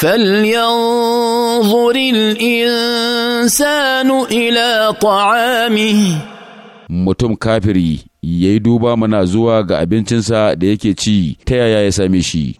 فلينظر الإنسان إلى طعامه mutum kafiri ya yi duba mana zuwa ga abincinsa da yake ci ta yaya ya same shi